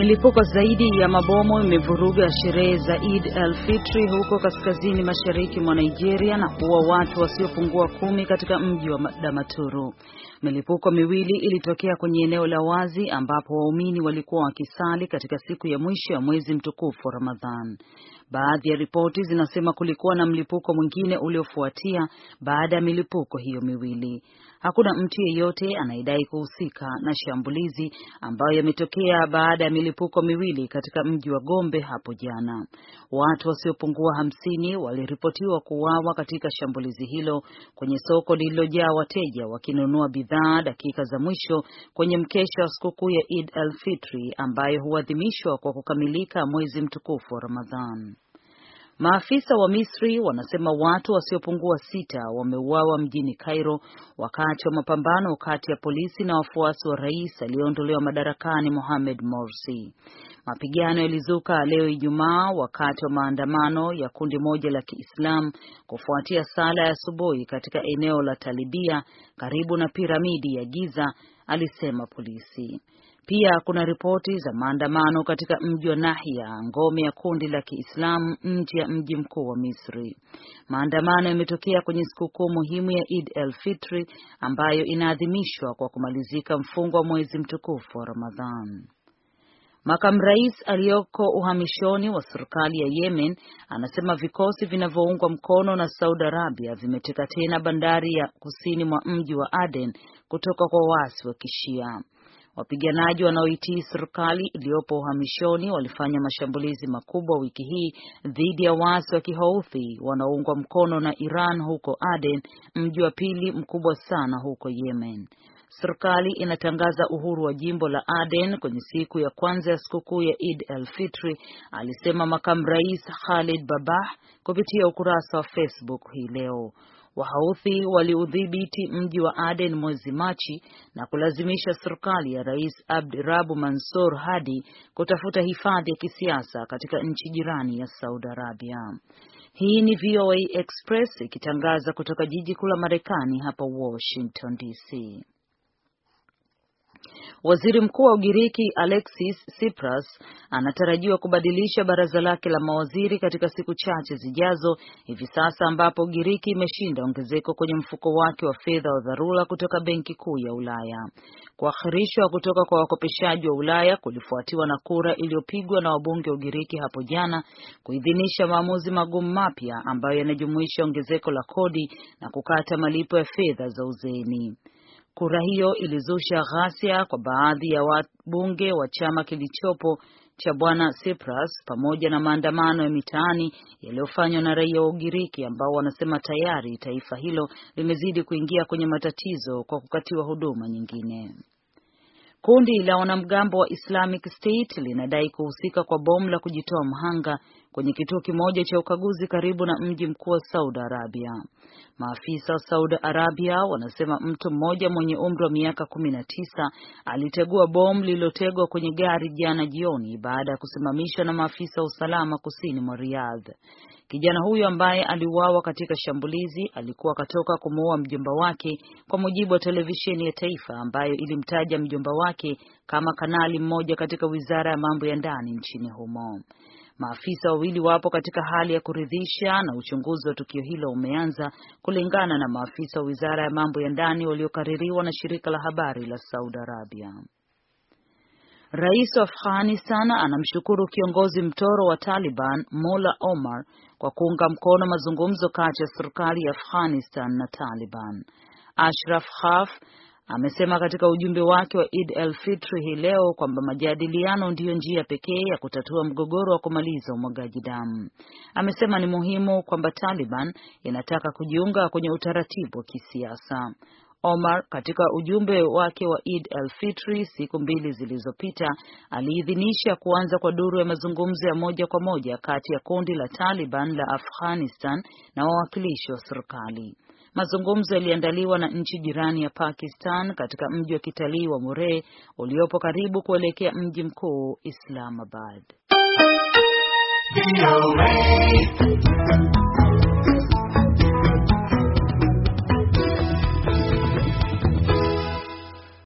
Milipuko zaidi ya mabomu imevuruga sherehe za Eid al-Fitri huko kaskazini mashariki mwa Nigeria na kuua watu wasiopungua kumi katika mji wa Damaturu. Milipuko miwili ilitokea kwenye eneo la wazi ambapo waumini walikuwa wakisali katika siku ya mwisho ya mwezi mtukufu Ramadhan. Baadhi ya ripoti zinasema kulikuwa na mlipuko mwingine uliofuatia baada ya milipuko hiyo miwili. Hakuna mtu yeyote anayedai kuhusika na shambulizi ambayo yametokea baada ya milipuko miwili katika mji wa Gombe hapo jana. Watu wasiopungua hamsini waliripotiwa kuuawa katika shambulizi hilo kwenye soko lililojaa wateja wakinunua bidhaa dakika za mwisho kwenye mkesha wa sikukuu ya Eid al-Fitri ambayo huadhimishwa kwa kukamilika mwezi mtukufu wa Ramadhan. Maafisa wa Misri wanasema watu wasiopungua sita wameuawa mjini Cairo wakati wa mapambano kati ya polisi na wafuasi wa rais aliyeondolewa madarakani Mohamed Morsi. Mapigano yalizuka leo Ijumaa wakati wa maandamano ya kundi moja la Kiislamu kufuatia sala ya asubuhi katika eneo la Talibia karibu na piramidi ya Giza, alisema polisi. Pia kuna ripoti za maandamano katika mji wa Nahia, ngome ya kundi la Kiislamu nje ya mji mkuu wa Misri. Maandamano yametokea kwenye sikukuu muhimu ya Eid el-Fitri ambayo inaadhimishwa kwa kumalizika mfungo wa mwezi mtukufu wa Ramadhan. Makamu rais aliyoko uhamishoni wa serikali ya Yemen anasema vikosi vinavyoungwa mkono na Saudi Arabia vimeteka tena bandari ya kusini mwa mji wa Aden kutoka kwa waasi wa Kishia. Wapiganaji wanaoitii serikali iliyopo uhamishoni walifanya mashambulizi makubwa wiki hii dhidi ya waasi wa Kihouthi wanaoungwa mkono na Iran huko Aden, mji wa pili mkubwa sana huko Yemen. Serikali inatangaza uhuru wa jimbo la Aden kwenye siku ya kwanza ya sikukuu ya Eid al-Fitri, alisema makamu rais Khalid Babah kupitia ukurasa wa Facebook hii leo. Wahouthi waliudhibiti mji wa Aden mwezi Machi na kulazimisha serikali ya Rais Abdirabu Mansur Hadi kutafuta hifadhi ya kisiasa katika nchi jirani ya Saudi Arabia. Hii ni VOA Express ikitangaza kutoka jiji kuu la Marekani hapa Washington DC. Waziri Mkuu wa Ugiriki Alexis Tsipras anatarajiwa kubadilisha baraza lake la mawaziri katika siku chache zijazo, hivi sasa ambapo Ugiriki imeshinda ongezeko kwenye mfuko wake wa fedha wa dharura kutoka Benki Kuu ya Ulaya. Kuakhirishwa kutoka kwa wakopeshaji wa Ulaya kulifuatiwa na kura iliyopigwa na wabunge wa Ugiriki hapo jana kuidhinisha maamuzi magumu mapya ambayo yanajumuisha ongezeko la kodi na kukata malipo ya fedha za uzeeni. Kura hiyo ilizusha ghasia kwa baadhi ya wabunge wa chama kilichopo cha bwana Tsipras pamoja na maandamano ya mitaani yaliyofanywa na raia wa Ugiriki ambao wanasema tayari taifa hilo limezidi kuingia kwenye matatizo kwa kukatiwa huduma nyingine. Kundi la wanamgambo wa Islamic State linadai kuhusika kwa bomu la kujitoa mhanga kwenye kituo kimoja cha ukaguzi karibu na mji mkuu wa Saudi Arabia. Maafisa wa Saudi Arabia wanasema mtu mmoja mwenye umri wa miaka kumi na tisa alitegua bomu lililotegwa kwenye gari jana jioni baada ya kusimamishwa na maafisa wa usalama kusini mwa Riyadh. Kijana huyo ambaye aliuawa katika shambulizi alikuwa akatoka kumuua mjomba wake, kwa mujibu wa televisheni ya taifa ambayo ilimtaja mjomba wake kama kanali mmoja katika wizara ya mambo ya ndani nchini humo. Maafisa wawili wapo katika hali ya kuridhisha na uchunguzi wa tukio hilo umeanza, kulingana na maafisa wa wizara ya mambo ya ndani waliokaririwa na shirika la habari la Saudi Arabia. Rais wa Afghanistan anamshukuru kiongozi mtoro wa Taliban Mola Omar kwa kuunga mkono mazungumzo kati ya serikali ya Afghanistan na Taliban. Ashraf Ghani amesema katika ujumbe wake wa Eid al hii leo kwamba majadiliano ndiyo njia pekee ya kutatua mgogoro wa kumaliza umwagaji damu. Amesema ni muhimu kwamba Taliban inataka kujiunga kwenye utaratibu wa kisiasa. Omar katika ujumbe wake wa Eid al-Fitri siku mbili zilizopita aliidhinisha kuanza kwa duru ya mazungumzo ya moja kwa moja kati ya kundi la Taliban la Afghanistan na wawakilishi wa serikali. Mazungumzo yaliandaliwa na nchi jirani ya Pakistan katika mji wa kitalii wa Murree uliopo karibu kuelekea mji mkuu Islamabad.